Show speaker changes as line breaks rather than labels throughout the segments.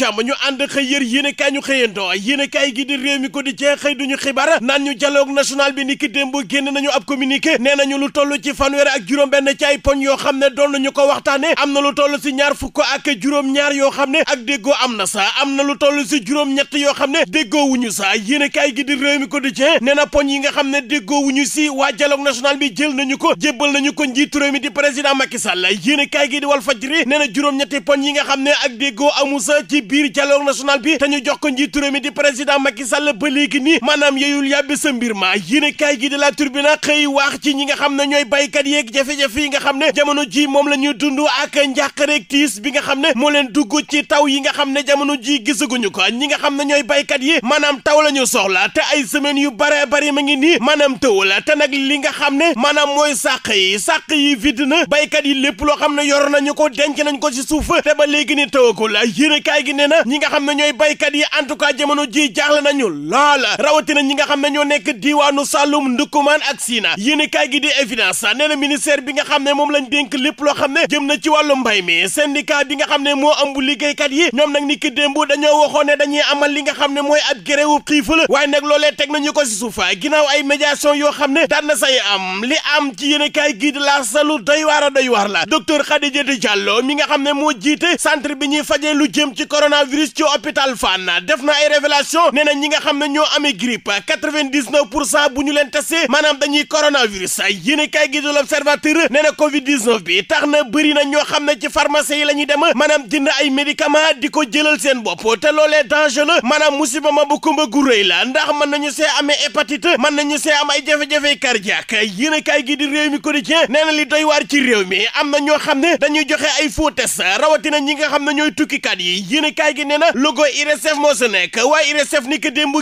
Abdoulaye ñu ànd xëy yër yéene kaay ñu xëyantoo yéene kaay gi di réew mi ko di cee xëy duñu xibaar naan ñu dialogue national bi ni ki démb génn nañu communiqué nee nañu lu toll ci fanweer ak juróom benn ci ay poñ yoo xam ne doon nañu ko waxtaane am na lu toll si ñaar fukk ak juróom-ñaar yoo xam ne ak déggoo am na sa am na lu toll juróom-ñett yoo xam ne déggoo wuñu sa kaay gi di réew mi ko di cee yi nga xam ne déggoo wuñu si waa dialogue national bi jël nañu ko jébbal nañu ko njiitu réew mi di président Macky Sall yéene kaay gi di Walf Fadjri juróom-ñetti poñ yi nga xam ne ak déggoo amu sa ci ci biir dialogue national bi te jox ko njiitu réew mi di président Macky Sall ba léegi nii maanaam yeyul yàbbi sa mbir ma yéene gi de la turbina xëy wax ci ñi nga xam ne ñooy béykat yeeg jafe-jafe yi nga xam ne jamono jii moom la ñuy dund ak njàqareeg kiis bi nga xam ne moo leen dugg ci taw yi nga xam ne jamono jii gisaguñu ko ñi nga xam na ñooy béykat yi maanaam taw lañu ñu soxla te ay semaines yu bare bari ma ngi nii maanaam taw la te nag li nga xam ne maanaam mooy sàq yi sàq yi vide béykat yi lépp loo xam ne yor nañu ko denc nañ ko ci suuf te ba léegi ni tawagul yéene kaay yéenekaay gi nee na ñi nga xam ne ñooy baykat yi en tout cas jamono ji jaaxle nañu lool rawatina ñi nga xam ne ñoo nekk diiwaanu Saloum Ndukumaan ak Sina yéenekaay gi di évidence nee na ministère bi nga xam ne moom lañ dénk lépp loo xam ne jëm na ci wàllu mbay mi syndicat bi nga xam ne moo ëmb liggéeykat yi ñoom nag ni ki démb dañoo waxoon ne dañuy amal li nga xam ne mooy ab gréwu xiifal waaye nag loolee teg nañu ko si suufa ginnaaw ay médiation yoo xam ne daan na say am li am ci gi di la salu doy waar a doy waar la docteur Khadija Diallo mi nga xam ne moo jiite centre bi ñuy lu jëm ci coronavirus ci hôpital Fann def na ay révélation nee na ñi nga xam ne ñoo amee grippe 99 pour cent bu ñu leen testé maanaam dañuy coronavirus yéen kay gi du l'observateur nee na Covid 19 bi tax na bëri na ñoo xam ne ci pharmacie yi la ñuy dem maanaam jënd ay médicament di ko jëlal seen bopp te loolee danger la maanaam musiba ma bu kumba gu rëy la ndax mën nañu see amee hépatite mën nañu see am ay jafe-jafe cardiaque yéen kay gi di réew mi quotidien nee na li doy waar ci réew mi am ñoo xam ne dañuy joxe ay faux test rawatina ñi nga xam ne ñooy tukkikat yi yéenekaay gi nee na logo IRESSEF moo sa nekk waaye IRESSEF ni ko démb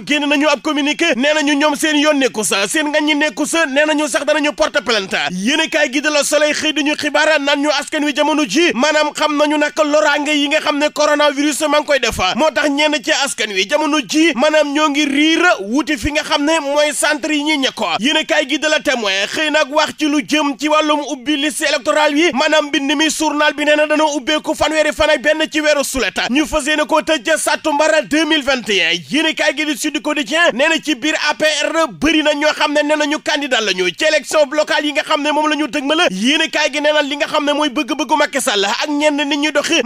ñoom seen yoon nekku sa seen ñi nekku sa nee nañu sax danañu porte plainte yéenekaay gi de la Soleil xëy duñu xibaar naan ñu askan wi jamono ji maanaam xam nañu nag loraange yi nga xam ne coronavirus maa ngi koy defa moo tax ñenn ci askan wi jamono ji maanaam ñoo ngi riir wuti fi nga xam ne mooy centre yi ko ñekkoo yéenekaay gi de la Témoin xëy nag wax ci lu jëm ci wàllum ubbi liste électorale yi maanaam bind mi journal bi nee na dana ubbeeku fanweeri fan ak benn ci weeru suleta ñu fas yéene koo tëj ca sàttumbara 2021 yéenekaay gi di Sud Quotidien nee na ci biir APR bëri na ñoo xam ne nee nañu candidat la ñu ci élection locale yi nga xam ne moom la ñu dëgmal yéenekaay gi nee na li nga xam ne mooy bëgg-bëggu Macky Sall ak ñenn nit ñu doxi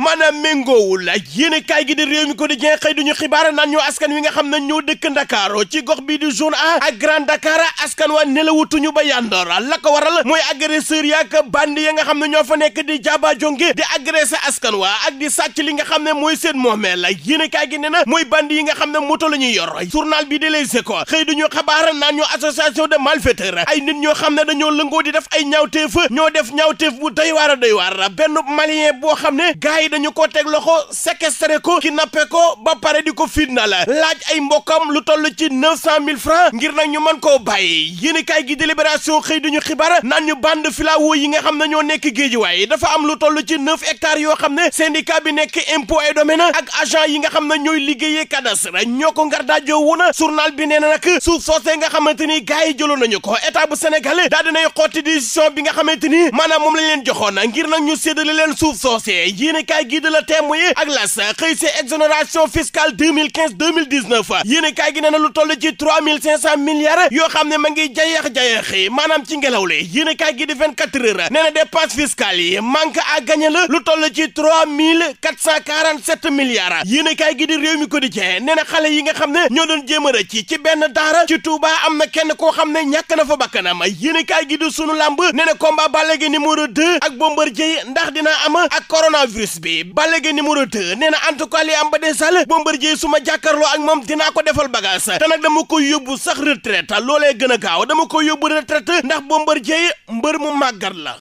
gi di Rewmi Quotidien xëy duñu xibaar naan ñu askan wi nga xam ne ñoo dëkk Ndakaaru ci gox bii di Zone A ak Grand Dakar askan wa nelawutuñu ba yandoor la ko waral mooy agresseur yaak bandi ya nga xam ne ñoo fa nekk di jaaba jonge di agressé askan wa ak di sàcc li nga ne mooy seen moomeel la yéene kaay gi ne na mooy bandi yi nga xam ne moto la ñuy yor journal bi di Les Échos xëy duñu xabaar naan ñoo association de malfaiteurs ay nit ñoo xam ne dañoo lëngoo di def ay ñaawteef ñoo def ñaawteef bu doy waar a doy waar benn malien boo xam ne gars yi dañu ko teg loxo séquestré ko kidnappé ko ba pare di ko fitna la laaj ay mbokkam lu toll ci neuf cent mille francs ngir nag ñu man koo bàyyi yéene kaay gi di Libération xëy duñu xibaar naan ñu bande filao yi nga xam ne ñoo nekk géejuwaay dafa am lu toll ci neuf hectares yoo xam ne syndicat bi nekk impôt et domaine na ak agent yi nga xam ne ñooy liggéeyee cadastre ñoo ko ngar daajoo bi nee na nag suuf soosee nga xamante ni gars yi jëloon nañu ko état bu Sénégal daa dinay xotti décision bi nga xamante ni moom lañ leen joxoon ngir nag ñu séddale leen suuf soosee yéen i kaay gii la témoin yi ak las xëy si exonération fiscale 2015 2019 yéen i kaay gi nee na lu toll ci 3500 milliards yoo xam ne ma ngi jayeex-jayeexi maanaam ci ngelaw li i kaay gii di 24 heures nee na dépense fiscale yi manque à gagner la lu milliards yéenekaay gi di réew mi quotidien nee na xale yi nga xam ne ñoo doon jéem a ci benn daara ci Touba am na kenn koo xam ne ñàkk na fa bakkanam yéenekaay gi di sunu làmb nee na combat Balla Gaye mu 2 ak Bombardier ndax dina am ak coronavirus bi Balla Gaye numéro 2 nee na en tout cas li am ba desal Bombardier su ma jàkkaarloo ak moom dinaa ko defal bagage te nag dama ko yóbbu sax retraite loolee gën a gaaw dama ko yóbbu retraite ndax Bombardier mbër mu màggat la